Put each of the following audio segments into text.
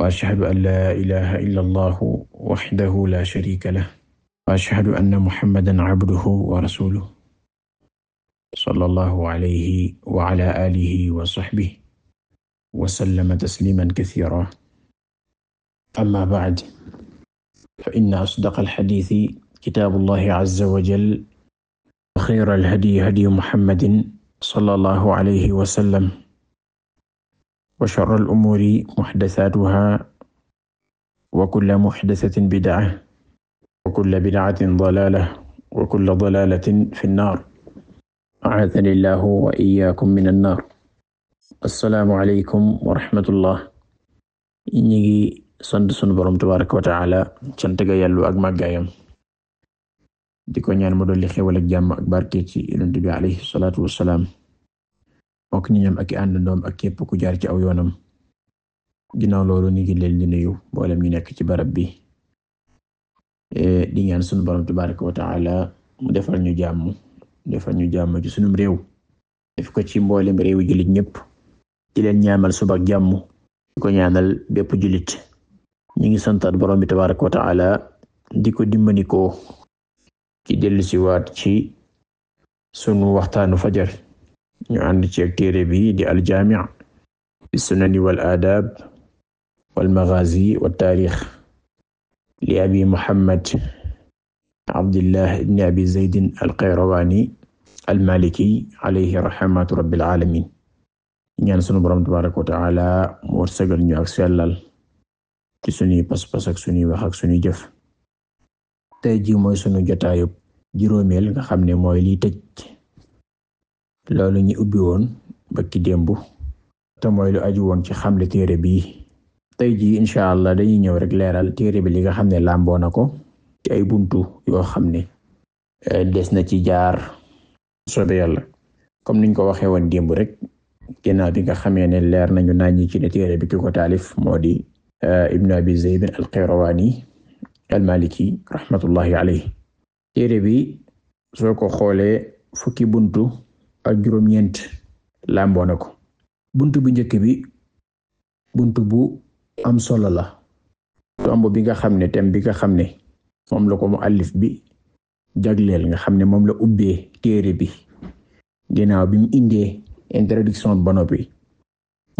wa ashhadu an laa ilaaha illa allahu waxdahu laa shariika lahu wa ashhadu anna muhammadan abduhu wa rasuluhu sallallahu alayhi wa ala aalihi wa sahbihi wa sallama tasliiman kasiiran amma ba'd fa inna asdaqal hadiisi kitaabullahi azza wa jalla wa xayral hadyi hadyu muhammadin sallallahu alayhi wa sallam wa sharral umuuri muhdasaatuhaa wa kulla muhdasatin bid'a wa kulla bid'atin dalaala wa kulla dalaalatin fi nnaar a'aadhani llaahu wa iyyaakum mina nnaar. Assalaamu aleykum wa rahmatullah. Ñu ngi sant sunu Boroom tabaaraka wa ta'aala cant ga Yàlla ak màggaayam di ko ñaan mu dolli xéewal ak jàmm ak barke ci Yonent bi alayhi mook ñoom ak i àndandoom ak képp ku jaar ci aw yoonam ginnaaw loolu ni ngi ni di nuyu mboolem ñu nekk ci barab bi e, di ñaan sunu borom tabaraka wa taala mu defal ñu jàmm defal ñu jàmm ci sunum réew def ko ci mboolem réew jullit ñëpp di leen ñaamal suba ak jàmm di ko ñaanal bépp jullit ñu ngi santaat borom bi tabaraka wa taala di ko dimbanikoo ci dellusiwaat ci sunu waxtaanu fajar ñu ànd ci ak téere bi di aljaamic bi sunani wal aadaab wal magaazi li abi muhammad abdillah ibn abi zaydin alqayrawaani almaliki alayhi rahmatu rabbil aalamiin ñaan sunu borom tabaaraka wa taala mu ñu ak sellal ci sunuy pas-pas ak sunuy wax ak sunuy jëf tey ji mooy sunu jotaayu juróomeel nga xam ne mooy li tëj loolu ñu ubbi woon bakki démb te mooy lu aju woon ci xamle téere bii tey jii incha allah dañuy ñëw rek leeral téere bi li nga xam ne làmboo na ko ci ay buntu yoo xam ne eh, des na ci jaar sobe yàlla comme niñ ko waxee woon démb rek ginnaaw bi nga xamee ne leer nañu nañu ci ne téere bi ki ko taalif moo di eh, Ibn Abi Zayd al-Qayrawani al-Maliki rahmatullahi alayhi téere bi soo ko xoolee fukki buntu ak juróom-ñeent làmboo na ko bunt bu njëkk bi bunt bu am solo la tomb bi nga xam ne thème bi nga xam ne moom la ko mu àllif bi jagleel nga xam ne moom la ubbee téere bi ginnaaw bi mu indee introduction ba noppi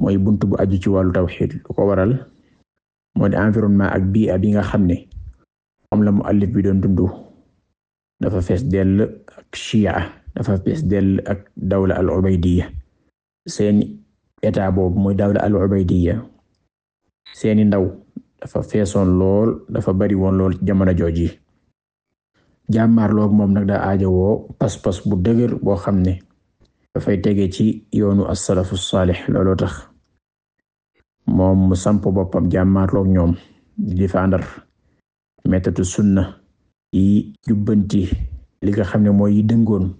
mooy bunt bu aju ci wàllu taw lu ko waral moo de environnement ak bii bi nga xam ne moom la mu àllif bi doon dundu dafa fees dell ak chia dafa fees dell ak dawla al ubaydiya seen état boobu muy dawla al ubaydiya seeni ndaw dafa feesoon lool dafa bari woon lool jamono jooji jàmmaarloog moom nag daa aajowoo pas-pas bu dëgër boo xam ne dafay tege ci yoonu as-salafu saalix tax moom mu samp boppam jàmmaarloog ñoom di difaandar métatu sunna yi jubbanti li nga xam ne mooy yi dëngoon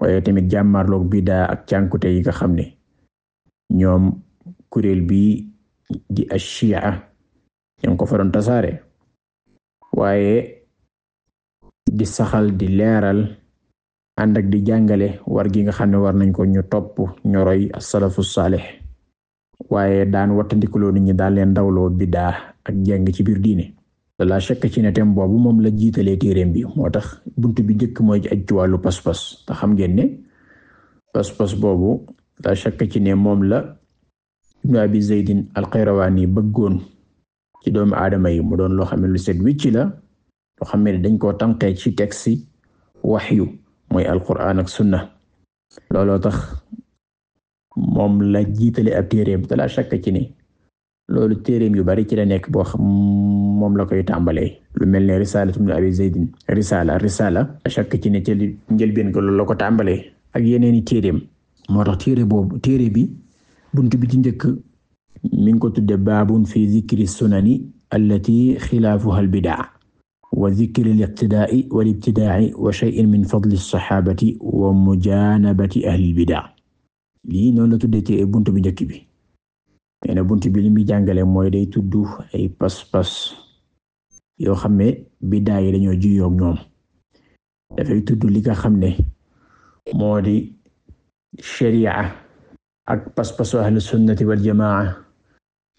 waaye tamit jàmmarloog biddaa ak cànkute yi nga xam ne ñoom kuréel bi di ashia ñu ngi ko fa doon tasaare waaye di saxal di leeral ànd ak di jàngale war gi nga xam ne war nañ ko ñu topp ñoroy as-salafu saalih waaye daan wattandikuloo nit ñu daal leen dawloo bida ak jàng ci biir diine la chèque ci ne thème boobu moom la jiitalee téereem bi moo tax bunt bi njëkk mooy ci aj ci wàllu pas te xam ngeen ne pas boobu la chèque ci ne moom la Ibn Abi Zaydin al-Qayrawani bëggoon ci doomu aadama yi mu doon loo xam ne lu set wicci la loo xam ne dañ koo tànqee ci texte waxyu mooy alquran ak sunna looloo tax moom la jiitalee ab téereem te la chèque ci ne loolu téereem yu bari ci la nekk boo xam moom la koy tàmbalee lu mel ne risaala ibn abi zaydin risaala ci ne ca njëlbeen ko loolu la ko tàmbalee ak yeneen i téereem moo tax téere boobu téere bi buntu bi ci njëkk mi ngi ko tudde baabun fi zikri sunani allati xilaafuha al bidaa wa zikri al iqtidaai wal ibtidaai wa shay'in min fadli saxaabati wa mujaanabati ahli al noonu la tuddee ci buntu bi njëkk bi nee na bunt bi li muy jàngale mooy day tuddu ay pas-pas yoo xam ne biddaa yi dañoo juyoog ñoom dafay tudd li nga xam ne moo di sharia ak pas-pasu ahlu sunnati wal jamaa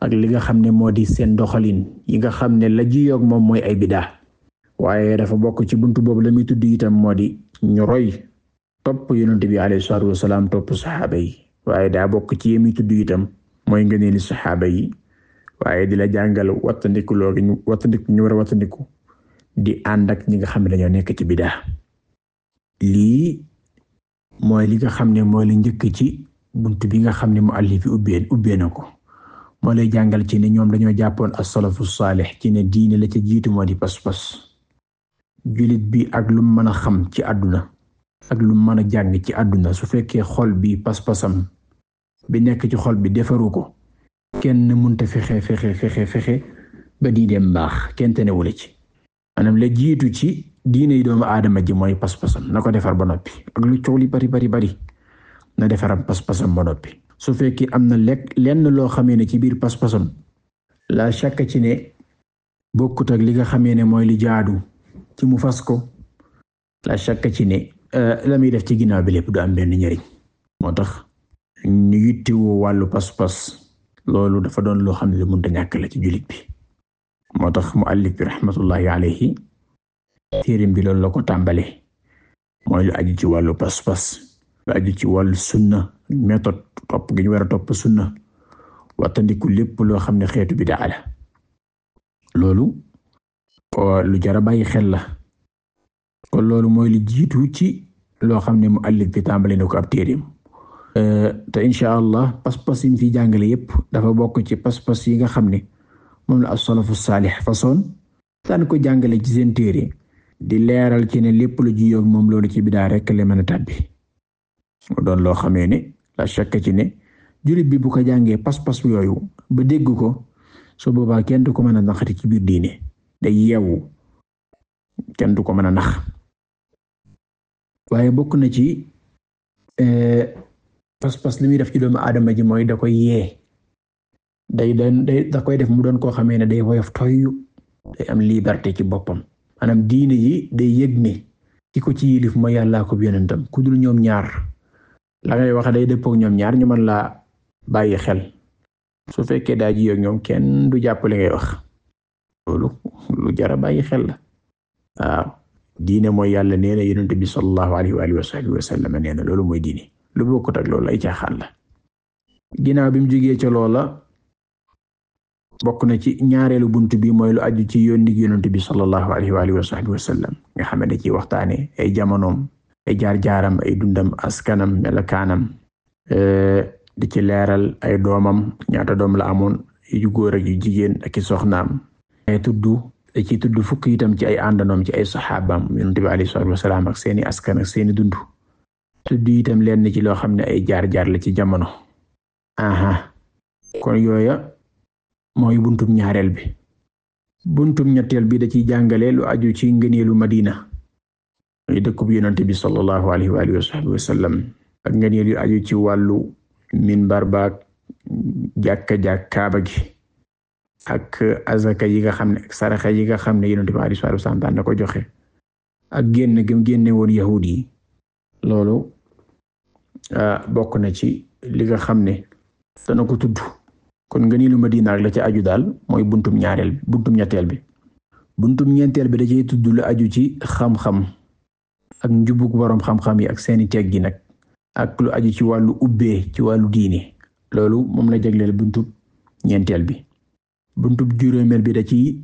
ak li nga xam ne moo di seen doxalin yi nga xam ne la juyoog moom mooy ay bidaa waaye dafa bokk ci buntu boobu la muy tudd itam moo di ñu roy topp yonent bi alayhi salaatu wasalaam topp saxaaba yi waaye daa bokk ci yemi tudd itam mooy ngëneeli saxaaba yi waaye di la jàngal wattandiku loogi ñu wattandiku ñu war a wattandiku di ànd ak ñi nga xam ne dañoo nekk ci bidaa lii mooy li nga xam ne mooy la njëkk ci bunt bi nga xam ne muallif bi ubbee ubbee na ko moo lay jàngal ci ne ñoom dañoo jàppoon as-salafu saalih ci ne diine la ci jiitu moo di pas-pas julit bi ak lu mën a xam ci àdduna ak lu mën a jàng ci àdduna su fekkee xol bi pas-pasam bi nekk ci xol bi defaru ko kenn mënta fexe fexe fexe fexe ba di dem baax kenn te newula ci maanaam la jiitu ci diine yi doomu aadama ji mooy pas-pasam na ko defar ba noppi ak lu coow li bari bari bari na defaram pas-pasam ba noppi su fekkee am na lekk lenn loo xamee ne ci biir pas-pasam la chàkk ci ne bokkut ak li nga xamee ne mooy li jaadu ci mu fas ko la chàkk ci ne euh, la muy def ci ginnaaw bi lépp du am benn njariñ moo tax ñu yittewoo wàllu pas-pas loolu dafa doon loo xam ne mënta ñàkk la ci jullit bi moo tax muallif bi rahmatullahi alayhi téerim bi loolu la ko tàmbale mooy lu aju ci wàllu pas-pas lu aju ci wàllu sunna méthode topp gi ñu war a topp sunna wattandiku lépp loo xam ne xeetu bi la loolu uh, lu jara bàyyi xel la kon loolu mooy li jiitu ci loo xam ne muallif bi tàmbale na ko ab téerim Euh, te incha allah pas-pas yi fiy jàngale yëpp dafa bokk ci pas-pas yi nga xam ne moom la as-salafu saalih façon daan ko jàngale ci seen téere di leeral ci ne lépp lu jiyoo moom loolu ci bidaa rek la mën a tàbbi mu doon loo xamee ne la chèque ci ne jullit bi bu ko jàngee pas-pas yooyu ba dégg ko su boobaa kenn du ko mën a naxati ci biir diine day yeewu kenn du ko mën a nax waaye bokk na ci. Euh, pas-pas li muy def ci doomu aadama ji mooy da koy yee day day da koy def mu doon koo xamee ne day woyof toyyu day am te ci boppam maanaam diine ji day yëg ne ki ko ci yilif mooy yàllaa ko yonentam ku dul ñoom ñaar la ngay wax day dëppook ñoom ñaar ñu mën laa bàyyi xel su fekkee daa ji ak ñoom kenn du jàpp li ngay wax loolu jara bàyyi xel la waaw diine mooy yàlla nee na yonent bi sallallahu alayhi wa alihi wa sallam loolu mooy diine lu bokkut ak loolu ay caaxaan la ginnaaw bi mu jógee ca loola bokk na ci ñaareelu bunt bi mooy lu aju ci yónni yonent bi sallallahu alayhi wa sax wa sahbihi wa sallam nga xam ne ci waxtaane ay jamonoom ay jaar-jaaram ay dundam askanam melokaanam eh, di ci leeral ay doomam ñaata doom la amoon yu góor ak yu jigéen ak i soxnaam ay tuddu da ci tudd fukk itam ci ay àndandoom ci ay saxaabaam yonent bi alayhi ak seeni askan ak seeni dund tudd itam lenn ci loo xam ne ay jaar-jaar la ci jamono aha kon yooya mooy buntum ñaareel bi buntum ñetteel bi da ciy jàngale lu aju ci ngëneelu Madina muy dëkkub yonante bi sallallahu alayhi wa alihi wa ak ngëneel yu aju ci wàllu minbar baag jàkka gi ak yi nga xam ne ak yi nga xam ne yonante bi alayhi ko joxe ak génn gëm génne woon yahud yi loolu Ah, bokk na ci li nga xam ne dana ko tudd kon nga ngëneelu Madina ak la ci aju daal mooy buntum ñaareel bi buntum ñetteel bi buntum ñeenteel bi da cay tudd aju ci xam-xam ak njubug boroom xam yi ak seeni teg gi nag ak lu aju ci wàllu ubbee ci wàllu diine loolu moom la jagleel buntub ñeenteel bi buntub juróomeel bi da ci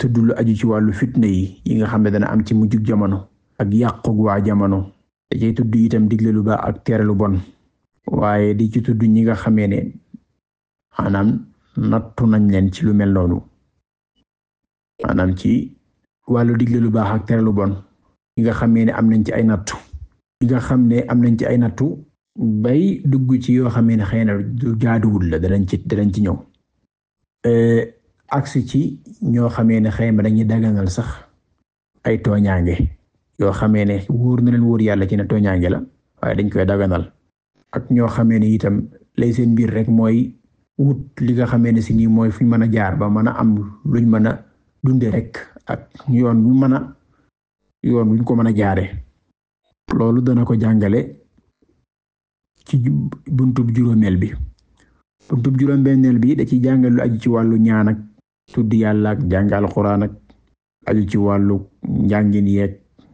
tudd lu aju ci wàllu fitna yi yi nga xam ne dana am ci mujjug jamono ak yàquk waa jamono da cay tudd digle lu baax ak tere bon waaye di ci tudd ñi nga xamee ne maanaam nattu nañ leen ci lu mel noonu maanaam ci wàllu digle lu baax ak tere bon ñi nga xamee ne am nañ ci ay nattu ñi nga xam ne am nañ ci ay nattu bay dugg ci yoo xamee ne xëy na du la danañ ci danañ ci ñëw agsi ci ñoo xamee ne xëy na dañuy daganal sax ay tooñaange yoo xamee ne wóor na wóor yàlla ci ne tooñaange la waaye dañ koy daganal ak ñoo xamee ne itam lay seen mbir rek mooy wut li nga xamee si nii mooy fi mën a jaar ba mën a am luñ mën a dunde rek ak yoon bu mën a yoon wuñ ko mën a jaare loolu dana ko jàngale ci buntub juróomeel bi buntub juróom-benneel bi da ci jàngale lu aju ci wàllu ñaan ak tudd yàlla ak jàngal alxuraan aju ci wàllu njàngin yeeg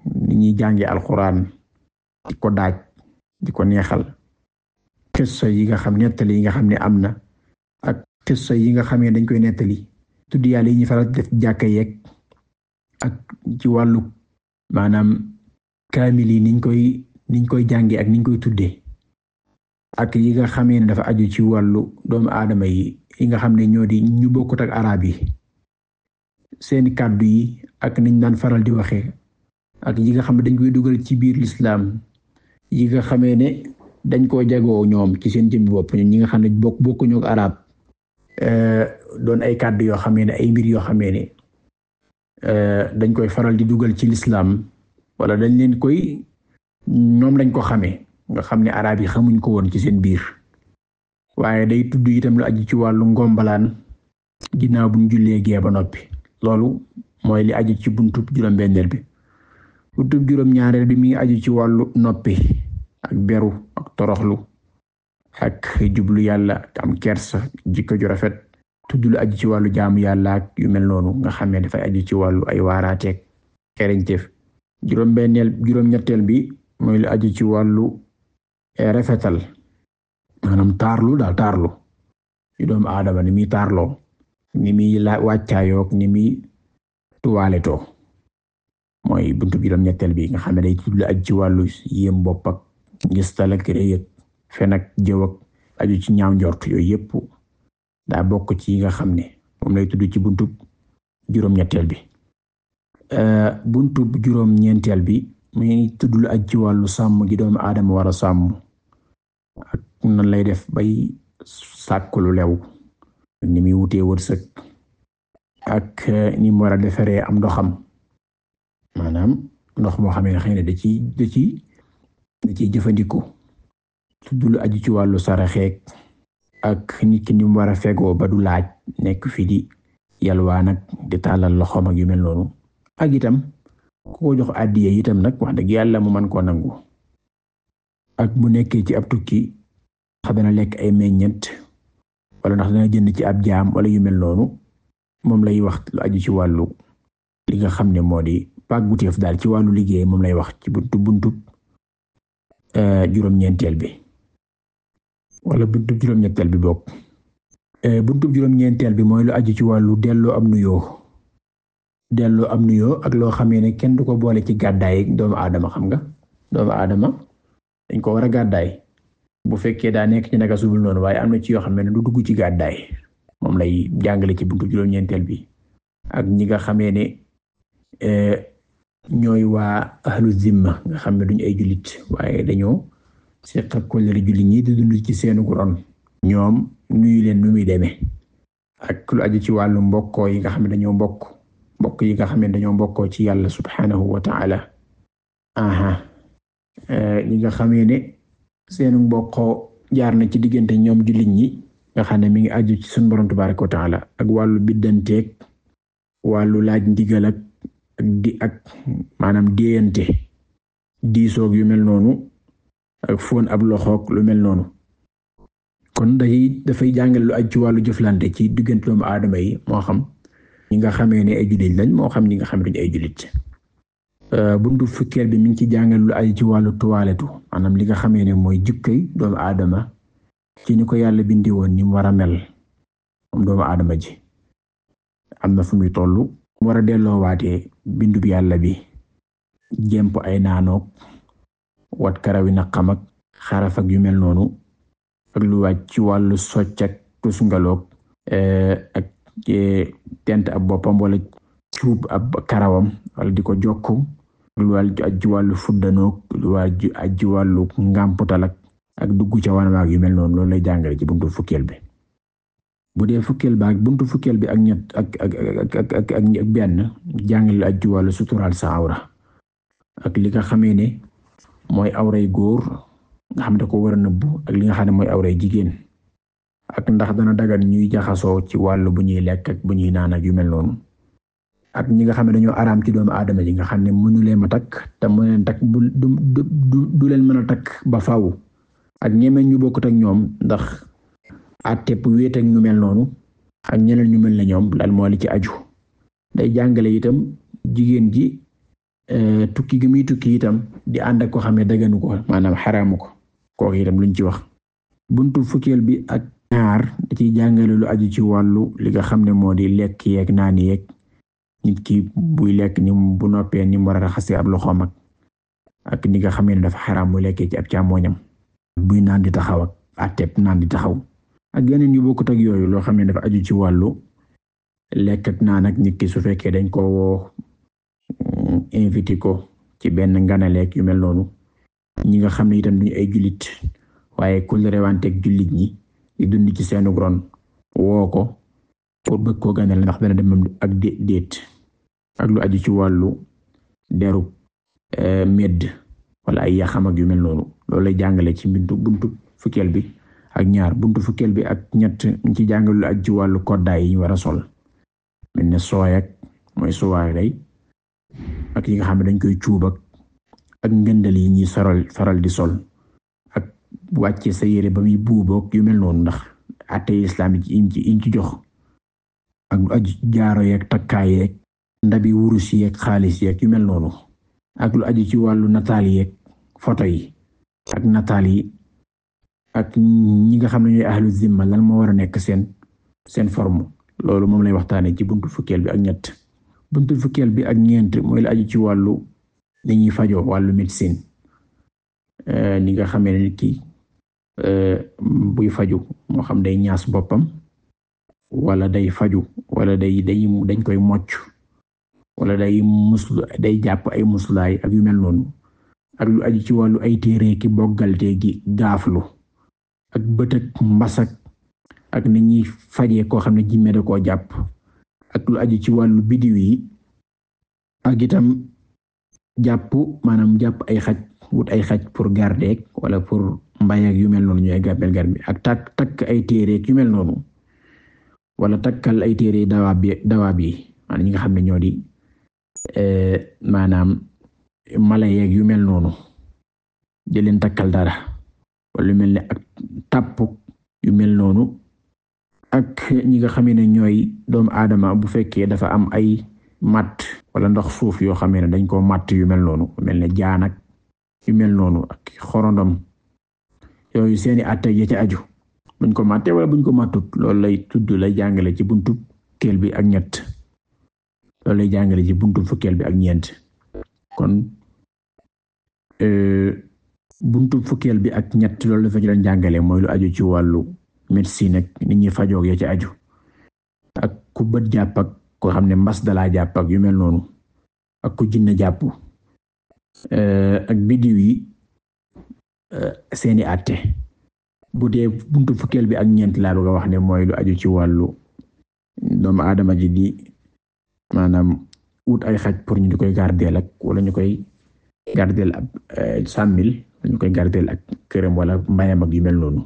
ni ñuy jànge alxuraan di ko daaj di ko neexal xissa yi nga xam nettali yi nga xam ne am na ak xissa yi nga xam ne dañ koy nettali tudd yàlla yi ñu faral def jàkka yeeg ak ci wàllu maanaam kaamil yi niñ koy niñ koy jànge ak niñ koy tuddee ak yi nga xamee ne dafa aju ci wàllu doomu aadama yi yi nga xam ne ñoo di ñu bokkut ak araab yi seeni kàddu yi ak niñ daan faral di waxee ak yi nga xam ne dañ koy dugal ci biir lislaam yi nga xamee ne dañ koo jagoo ñoom ci seen jëmmi bopp ñi nga xam ne bokk bokkuñu ak arab euh, doon ay kàddu yoo xamee ne ay mbir yoo xamee ne euh, dañ koy faral di dugal ci lislaam wala dañ leen koy ñoom dañ ko xame nga xam ne arab yi xamuñ ko woon ci seen biir waaye day tudd itam la aju ci wàllu ngombalaan ginnaaw buñ julee gee ba noppi loolu mooy li aju ci buntu juróom-benneel bi buntub juróom-ñaareel bi mi ngi aju ci wàllu noppi ak beru ak toroxlu ak jublu yàlla ak am kersa jikko ju rafet tudd lu aju ci wàllu jaamu yàlla ak yu mel noonu nga xam ne aju ci wàllu ay waaraateeg xereñteef juróom-benneel juróom-ñetteel bi mooy lu aju ci wàllu eh, rafetal maanaam taarlu daal taarlu ci doomu aadama ni muy taarloo ni muy la wàccaayoog ni muy tuwaletoo mooy buntu bi doon ñetteel bi nga xam ne day tudd ak ci wàllu yéem bopp ak ngistal ak réyëg fen aju ci ñaaw njort yooyu yëpp daa bokk ci nga xam ne moom lay tudd ci buntu juróom-ñetteel bi euh, buntu juróom bi muy tudd lu aj ci wàllu sàmm gi doomu aadama war a sàmm ak nan lay def bay sàkku lu lew ni muy wutee wërsëg ak euh, ni mu war a defaree am ndoxam maanaam ndox moo xamee xay na da ciy da ci da ciy jëfandikoo. tudd lu aju ci wàllu saraxeek ak nit ki ni war a fegoo ba du laaj nekk fi di yalwaa nag di tàllal loxoom ak yu mel noonu ak itam ku ko jox àddiya itam nag wax dëgg yàlla mu mën koo nangu ak bu nekkee ci ab tukki ndax na lekk ay meññeent wala ndax dana jënd ci ab jaam wala yu mel noonu moom lay wax lu aju ci wàllu li nga xam ne moo di pàgguteef daal ci wàllu liggéey moom lay wax ci buntu buntu euh, juróom-ñeenteel bi wala buntu juróom bi bokk euh, buntu juróom bi mooy lu aju ci wàllu delloo am nuyoo delloo am nuyoo ak loo xamee ne kenn du ko boole ci gàddaay doomu aadama xam nga doomu aadama dañ ko war a gàddaay bu fekkee daa nekk ci naka subul noonu waaye am na ci yoo xam ne du dugg ci gàddaay moom lay jàngale ci buntu juróom-ñeenteel bi ak ñi nga xamee ne euh, ñooy waa ahlu zimma nga xam ne duñ ay jullit waaye dañoo seq ak kóllëre jullit ñi di ci seenu Qur'an ñoom ñuy leen nu muy demee ak lu aju ci wàllu mbokkoo yi nga xam ne dañoo mbokk mbokk yi nga xam ne dañoo mbokkoo ci yàlla subhanahu wa ta'ala aha eh, ñi nga xamee ne seenu mbokkoo jaar na ci diggante ñoom julit ñi nga xam ne mi ngi aju ci sun borom tabaaraka wa ta'ala ak wàllu biddanteeg wàllu laaj ndigal ak di ak maanaam déyante diisoog yu mel noonu ak fóon ab loxoog lu mel noonu kon day dafay jàngal lu aj ci wàllu jëflante ci diggante doomu aadama yi moo xam ñi nga xamee ne ay jullit lañ moo xam ni nga xam ne ay jullit euh, buntu fukkeel bi mi ngi ci jàngal lu aj ci wàllu tuwaaletu maanaam li nga xamee ne mooy jukkay doomu aadama ci ni ko yàlla bindi woon ni mu war a mel moom doomu aadama ji am na fu muy tollu mu war a delloowaatee bindu bi yàlla bi jémp ay naanoog wat karawi na xam ak xaraf yu mel noonu ak lu wàcc ci wàllu socc ak eh, ak eh, tent ab boppam wala cuub ab karawam wala di ko jokk lu wàllu aj ci wàllu fuddanoog lu wàllu aj ci wàllu ngàmputal ak dugg ca wanwaag yu mel noonu loolu lay jàngale ci buntu fukkeel bi bu dee fukkeel ba ak buntu fukkeel bi ak ñett ak ak ak ak ak benn jàngal aju wàllu suturaal sa awra ak li nga xamee ne mooy yu góor nga xam ne ko war a nëbbu ak li nga xam ne mooy awray jigéen ak ndax dana dagan ñuy jaxasoo ci wàllu bu ñuy lekk bu ñuy naan yu mel noonu ak ñi nga xam ne dañoo araam ci doomu aadama yi nga xam ne mënu leen a takk te mu leen takk du du du leen mën a takk ba faw ak ñemeen ñu bokkut ak ñoom ndax. àtteeb wéet ak ñu mel noonu ak ñeneen ñu mel ne ñoom lan moo li ci aju day jàngale itam jigéen ji euh, tukki gi muy tukki itam di ànd ak ko xam ne daganu ko maanaam xaraamu ko kooku itam luñ ci wax. buntu fukkeel bi ak ñaar da ciy jàngale lu aju ci wàllu li nga xam ne moo di lekk yeeg naan yeeg nit ki buy lekk ni bu noppee ni mu war a raxasee ab loxoom ak ni nga xam ne dafa xaraam mu lekkee ci ab càmmoñam buy naan di taxaw ak àtteeb naan di taxaw. ak yeneen yu bokkut ak yooyu loo xam ne dafa aju ci wàllu lekkat ak naan ak nit su fekkee dañ koo woo invité ko ci benn nganaleek yu mel noonu ñi nga xam ne itam duñu ay jullit waaye ku rewanteeg jullit ñi di dund ci seenu ron woo ko pour bëgg koo ganale ndax dana dem ak dé déet ak lu aju ci wàllu deru eh, medd wala ay yaxam ak yu mel noonu loolu lay jàngale ci mbintu buntu fukkeel bi ak ñaar buntu fukkeel bi ak ñett ci jàngalu ak ci wàllu koddaay yi ñu war a sol mel ne sooy mooy suwaay day ak yi nga xam ne dañ koy cuub ak ak ngëndal yi ñuy saral di sol ak wàcce sa yére ba muy buubook yu mel noonu ndax atte islam yi ci iñ ci jox ak jaaro yeeg takkaay yeeg ndabi wurus yeeg xaalis yeek yu mel noonu ak lu aju ci wàllu nataal yeeg photo yi ak nataal yi ak ñi nga xam ne ñooy ahlu zimma lan moo war a nekk seen seen forme loolu moom lay waxtaanee ci buntu fukkeel bi ak ñett buntu fukkeel bi ak ñeent mooy la aju ci wàllu ni ñuy fajoo wàllu médecine eh, ni nga xamee ne kii eh, buy faju moo xam day ñaas boppam wala day faju wala day day dañ koy mocc wala day muslu day jàpp ay muslaay ak yu mel noonu ak aju ci wàllu ay téere ki boggalte gi gaaflu ak bët mbasak ak ni ñuy fajee koo xam ne jimme da jàpp ak lu aju ci wàllu bidiw yi ak itam jàpp maanaam jàpp ay xaj wut ay xaj pour garder wala pour mbay ak yu mel noonu ñooy gàbbel gar bi ak takk takk ay téereek yu mel noonu wala takkal ay téere dawaab bi yi maanaam ñi nga xam ne ñoo di eh, maanaam mala yeeg yu mel noonu di leen takkal dara wala lu ne tàppu yu mel noonu ak ñi nga xamee ne ñooy doomu aadama bu fekkee dafa am ay matt wala ndox suuf yoo xamee ne dañ koo matt yu mel noonu mel ne jaan ak yu mel noonu ak xorondom yooyu seeni atte ya ci aju buñ ko màttee wala buñ ko màttut loolu lay tudd lay jàngale ci buntu fukkeel bi ak ñett loolu lay jàngale ci buntu fukkeel bi ak ñeent kon euh, buntu fukkeel bi ak ñett loolu dafa ci doon jàngale mooy lu aju ci wàllu médecine ak nit ñi fajoog ya ci aju ak ku bët jàpp koo xam ne mbas dalaa jàpp yu mel noonu ak ku jinne jàpp eh, ak bidiw yi eh, seeni àtte bu dee buntu fukkeel bi ak ñeent laa bëgg a wax ne mooy aju ci wàllu doomu aadama ji di maanaam wut ay xaj pour ñu di koy gardeel ak wala ñu koy gardeel ab eh, sàmmil dañ koy gardeel ak këram wala mbayam ak yu mel noonu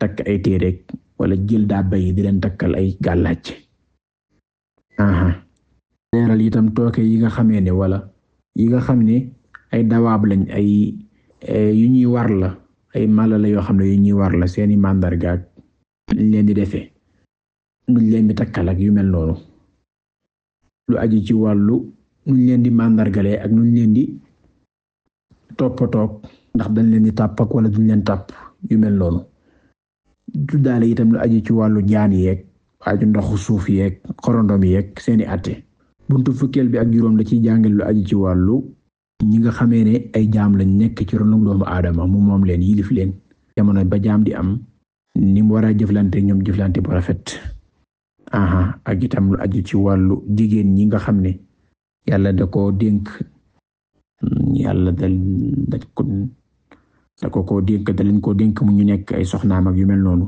takk ay téereeg wala jël daabay di leen takkal ay gàllaaj leeral itam tooke yi nga xamee ne wala yi nga xam ne ay dawaab lañ ay eh, yu ñuy war la ay mala yoo xam ne yu ñuy war la seeni màndarga ak luñ leen di defee luñ leen di takkal yu mel noonu lu aju ci wàllu nuñ leen di màndargalee ak ñu leen di toppatoog ndax dañ leen di tàpp ak wala duñ leen tàpp yu mel noonu tuddaale itam lu aju ci wàllu jaan yeeg aju ndoxu suuf yeeg xorondom yeeg seeni àtte buntu fukkeel bi ak juróom da ciy jàngal lu aju ci wàllu ñi nga xamee ne ay jaam lañ nekk ci ronu doomu aadama moom leen yilif leen jamono ba jaam di am ni mu war a jëflante ñoom jëflante bu rafet ak itam lu aju ci wàllu jigéen ñi nga xam ne yàlla da koo dénk yàlla dal da da ko koo dénk da dénk mu ñu nekk ay soxnaam ak yu mel noonu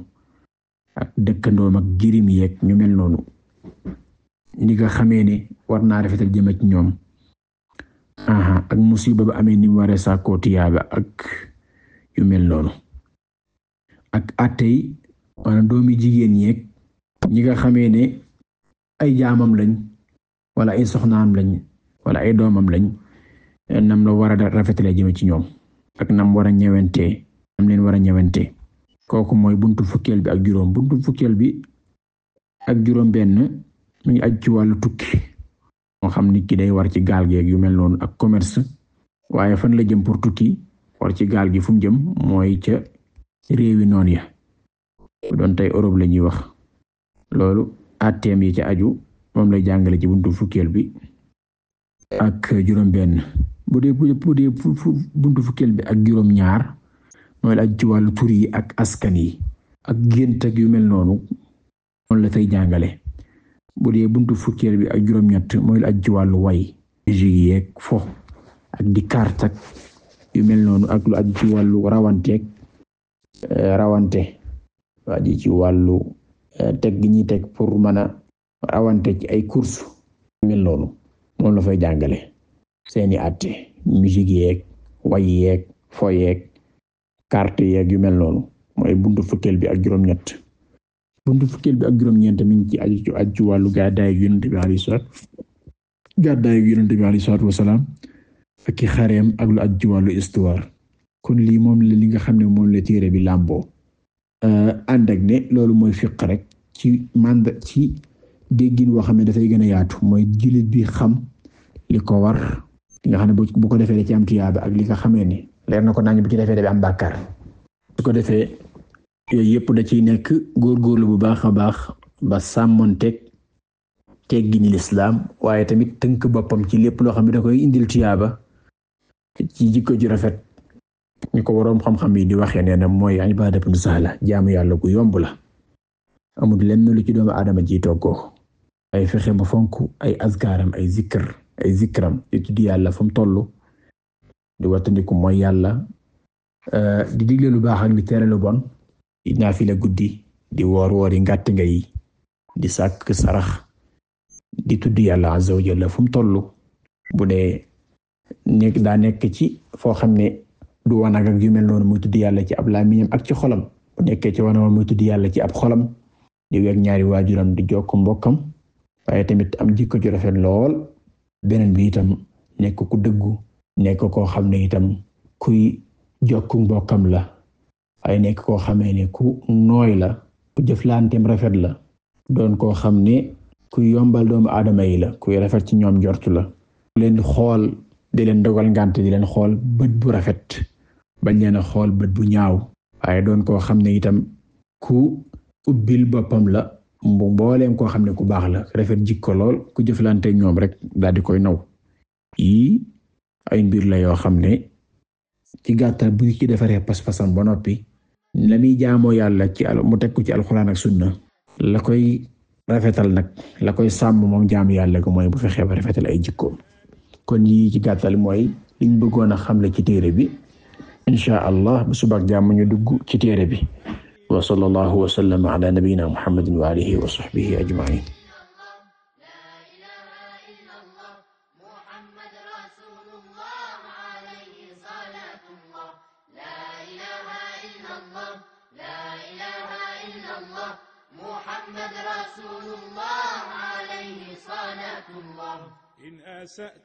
ak dëkkandoom ak jirim yeeg ñu mel noonu ni nga xamee ne war naa rafetal jëme ci ñoom aha ak musiba ba amee ni mu waree sàkkoo tiyaaba ak yu mel noonu ak attey maanaam doomi jigéen yéeg ñi nga xamee ne ay jaamam lañ wala ay soxnaam lañ wala ay doomam lañ nam la war a rafetale jëme ci ñoom ak nam war a ñëwantee nam leen war a ñëwantee kooku mooy buntu fukkeel bi ak juróom buntu fukkeel bi ak juróom benn mu ngi aju ci wàllu tukki moo xam ni ki day war ci gaal gi ak yu mel noonu ak commerce waaye fan la jëm pour tukki war ci gaal gi fu jëm mooy ca réewi noon ya bu doon tey Europe la ñuy wax loolu atteem yi ca aju moom lay jàngale ci buntu fukkeel bi ak juróom benn bu dee buntu fukkeel bi ak juróom-ñaar mooy la aju ci wàllu tur yi ak askan yi ak gént ak yu mel noonu noonu la tey jàngale bu dee buntu fukkeel bi ak juróom-ñett mooy la aju ci wàllu way yeeg fo ak di yu mel noonu ak lu aju ci wàllu rawanteeg eh, rawante lu aju ci wàllu eh, teg gi teg pour mën a ci ay course yu mel noonu noonu la fay jàngale seeni àtte musique yeeg way yeeg fo yeeg carte yeeg yu mel noonu mooy buntu fukkeel bi ak juróom-ñett bi ak juróom-ñeent mi ngi ci aju wàllu gàddaay ak yonent bi alayhi salaatu gàddaay ak yonent bi alayhi salaatu wasalaam ak i xareem ak lu aju wàllu histoire kon lii moom la li nga xam ne moom la téere bi làmboo euh, ànd ne loolu mooy fiq rek ci manda ci déggin woo xam ne dafay gën a yaatu mooy jullit bi xam li ko war. nga xam ne bu ko defee da ci am tuyaaba ak li nga xamee ni leer na ko nañ bu ci defee da am bàkkaar ko defee yooyu yëpp da ciy nekk góorgóorlu bu baax a baax ba sàmmonteeg teggini lislaam waaye tamit tënk boppam ci lépp loo xam ne da koy indil tuyaaba ci jikko ju rafet ñu ko waroom xam-xam yi di waxee nee na mooy ibaadatun sahla jaamu yàlla gu yomb la amul lenn lu ci doomu aadama jiitoo ko ay fexe ba fonk ay azkaaram ay zikkër ay zikram tudd yàlla fa mu toll di wattandiku mooy yàlla euh, di digle lu baax di tere lu bon di naafila guddi di woor woori ngàtt nga yi di sàkk sarax di tudd yàlla azza wa jalla fu mu toll bu dee nekk daa nekk ci foo xam ne du wanag ak yu mel noonu muy tudd yàlla ci ab làmmiñam ak ci xolam bu nekkee ci wanag muy tudd yàlla ci ab xolam di weg ñaari waajuram di jokk mbokkam waaye tamit am jikko ju rafet lool beneen bi itam nekk ku dëggu nekk koo xam ne itam kuy jokku mbokkam la waaye nekk koo xamee ne ku nooy la ku jëflanteem rafet la doon koo xam ne ku yombal doomu aadama yi la kuy rafet ci ñoom jortu la leen xool di leen dogal ngànt di leen xool bët bu rafet bañ leen a xool bët bu ñaaw waaye doon koo xam ne itam ku ubbil boppam la bu mbooleem koo xam ne ku baax la rafet jikko lool ku jëflante ñoom rek daal di koy naw yii ay mbir la yoo xam ne ci gàttal bu ci defaree pas-pasam ba noppi la muy yàlla ci al mu teg ko ci alxuraan ak sunna la koy rafetal nag la koy sàmm moom jaamu yàlla ko mooy bu fexee ba rafetal ay jikkoom kon yii ci gàttal mooy liñ bëggoon a la ci téere bi incha allah bu subak jàmm ñu dugg ci téere bi wa sallallahu wa sallam ala nabiyyina muhammadin wa alihi wa sahbihi ajmain